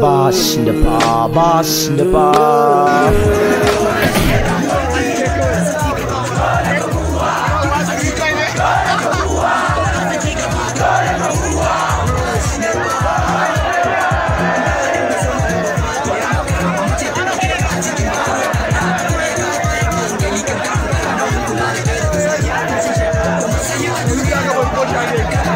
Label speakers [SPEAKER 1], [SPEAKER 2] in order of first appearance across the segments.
[SPEAKER 1] baba da baba da ba Yeah.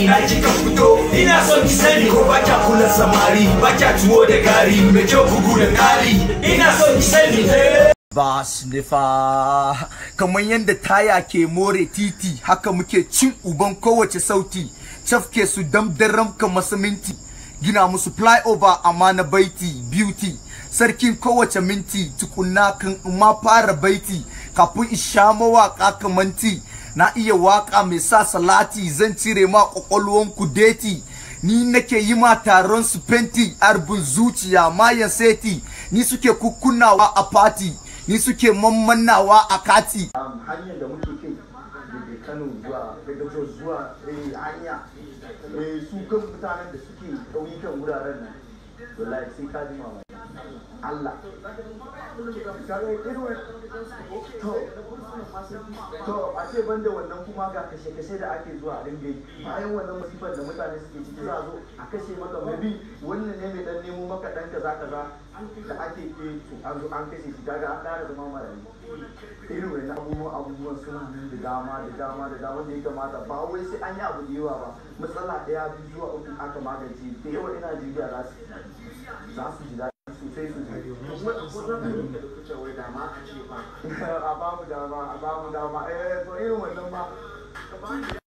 [SPEAKER 1] ina kika fito ina son ki sani ko ba kya kula samari ba kya tuwo da gari mai kyau bugu da kari ina son ki sani ba nifa kamar yadda taya ke more titi haka muke cin uban kowace sauti cafke su damdaram kamar siminti gina musu flyover amma na baiti beauty sarkin kowace minti tukunna kan ma fara baiti kafin isha mawaka ti. na iya waka mai sa salati zan cire ma kwakwalwan ku deti ni nake yi ma taron su fenti arbin zuciya mayan seti ni suke kukunawa a fati ni suke mammanawa a kati
[SPEAKER 2] hanyar Allah to a ce ban wannan kuma ga kashe kashe da ake zuwa a dinga bayan wannan masifar da mutane suke ciki za a zo a kashe maka mabi wannan ne mai dan nemo maka dan kaza kaza da ake ke an zo an kashe shi daga an ƙara zama marami irin wani abubuwan abubuwan suna nan da dama da dama da dama da ya kamata ba wai sai an yi abu da yawa ba matsala ɗaya biyu zuwa uku aka magance da yawa ina jibiya za su a babu dama a babu dama eh to irin wannan ma